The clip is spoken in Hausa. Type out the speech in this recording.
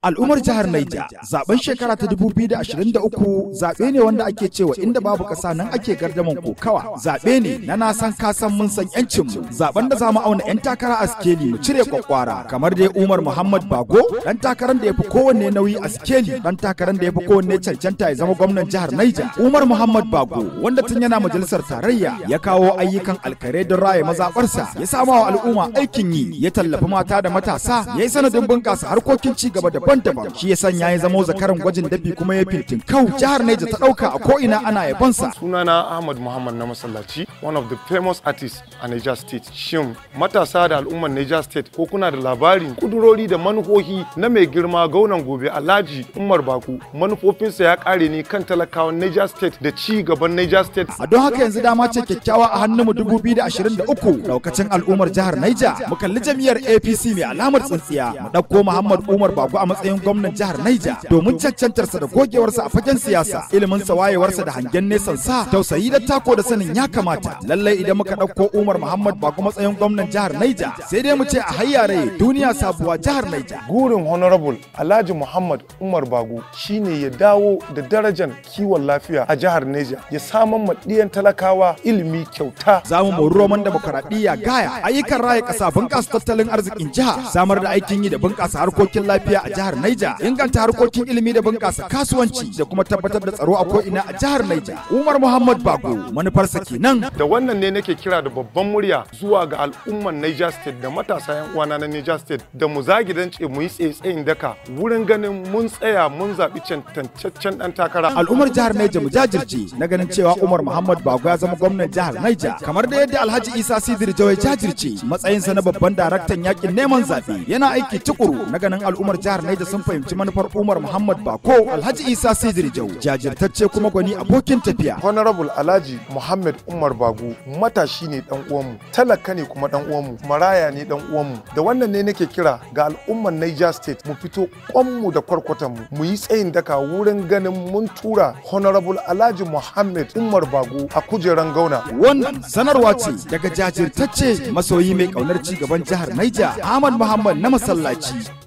Al'ummar jihar Naija zaben shekara ta 2023 zaɓe ne wanda ake cewa inda babu ƙasa nan ake gardaman kokawa zaɓe ne na na san kasan mun san yancin mu zaben da zamu auna yan takara a skeli mu cire kwakwara kamar dai Umar Muhammad Bago dan takaran da yafi kowanne nauyi a skeli dan takaran da yafi kowanne cancanta ya zama gwamnan jihar Naija Umar Muhammad Bago wanda tun yana majalisar tarayya ya kawo ayyukan alkare don raya mazaɓarsa ya sama wa al'umma aikin yi ya tallafi mata da matasa ya sanadin bunƙasa harkokin ci gaba da babban daban shi ya sanya ya zamo zakaran gwajin dabi kuma ya fintin kau jihar Neja ta dauka a ko ina ana yabonsa sunana Ahmad Muhammad na masallaci one of the famous artists a Niger State shin matasa da al'ummar Niger State ko kuna da labarin kudurori da manufofi na mai girma gaunan gobe Alhaji Umar Baku manufofinsa ya kare ne kan talakawan Niger State da ci gaban Niger State a don haka yanzu dama ce kyakkyawa a hannunmu 2023 daukacin al'ummar jihar Niger mu kalli jam'iyyar APC mai alamar tsintsiya mu dauko Muhammad Umar Baku a matsayin gwamnan jihar Naija domin cancantarsa da gogewarsa a fagen siyasa, ilimin sa wayewarsa da hangen nesan sa, tausayi da tako da sanin ya kamata. Lallai idan muka ɗauko Umar Muhammad ba kuma matsayin gwamnan jihar Naija, sai dai mu ce a rai duniya sabuwa jihar Naija. Gurin Honorable Alhaji Muhammad Umar Bago shine ya dawo da darajar kiwon lafiya a jihar Naija, ya saman maɗiyan talakawa ilimi kyauta. Zamu mu mori roman demokaradiyya gaya ayyukan raya ƙasa bunƙasa tattalin arzikin jiha, samar da aikin yi da bunƙasa harkokin lafiya a jihar jihar Niger inganta harkokin ilimi da bunƙasa kasuwanci da kuma tabbatar da tsaro a ko'ina a jihar Niger Umar Muhammad Bago manufarsa kenan da wannan ne nake kira da babban murya zuwa ga al'ummar Niger State da matasa yan uwana na Niger State da mu zagidance mu yi tsaye daka wurin ganin mun tsaya mun zaɓi cancancen ɗan takara al'ummar jihar Niger mu jajirce na ganin cewa Umar Muhammad Bago ya zama gwamnan jihar Niger kamar da yadda Alhaji Isa Sidir Jawai jajirce matsayinsa na babban daraktan yakin neman zaɓe yana aiki tukuru na ganin al'ummar jihar Niger da sun fahimci manufar Umar Muhammad Bako Alhaji Isa Sidiri Jau jajirtacce kuma gwani abokin tafiya. Honorable Alhaji Muhammad Umar Bago matashi ne dan uwanmu, talaka ne kuma dan uwanmu, maraya ne dan uwanmu. Da wannan ne nake kira ga al'ummar Niger State mu fito kwanmu da kwarkwatanmu mu yi tsayin daka wurin ganin mun tura Honorable Alhaji Muhammad Umar Bago a kujeran gauna. Wannan sanarwa ce daga jajirtacce masoyi mai kaunar ci gaban jihar Niger Ahmad Muhammad na masallaci.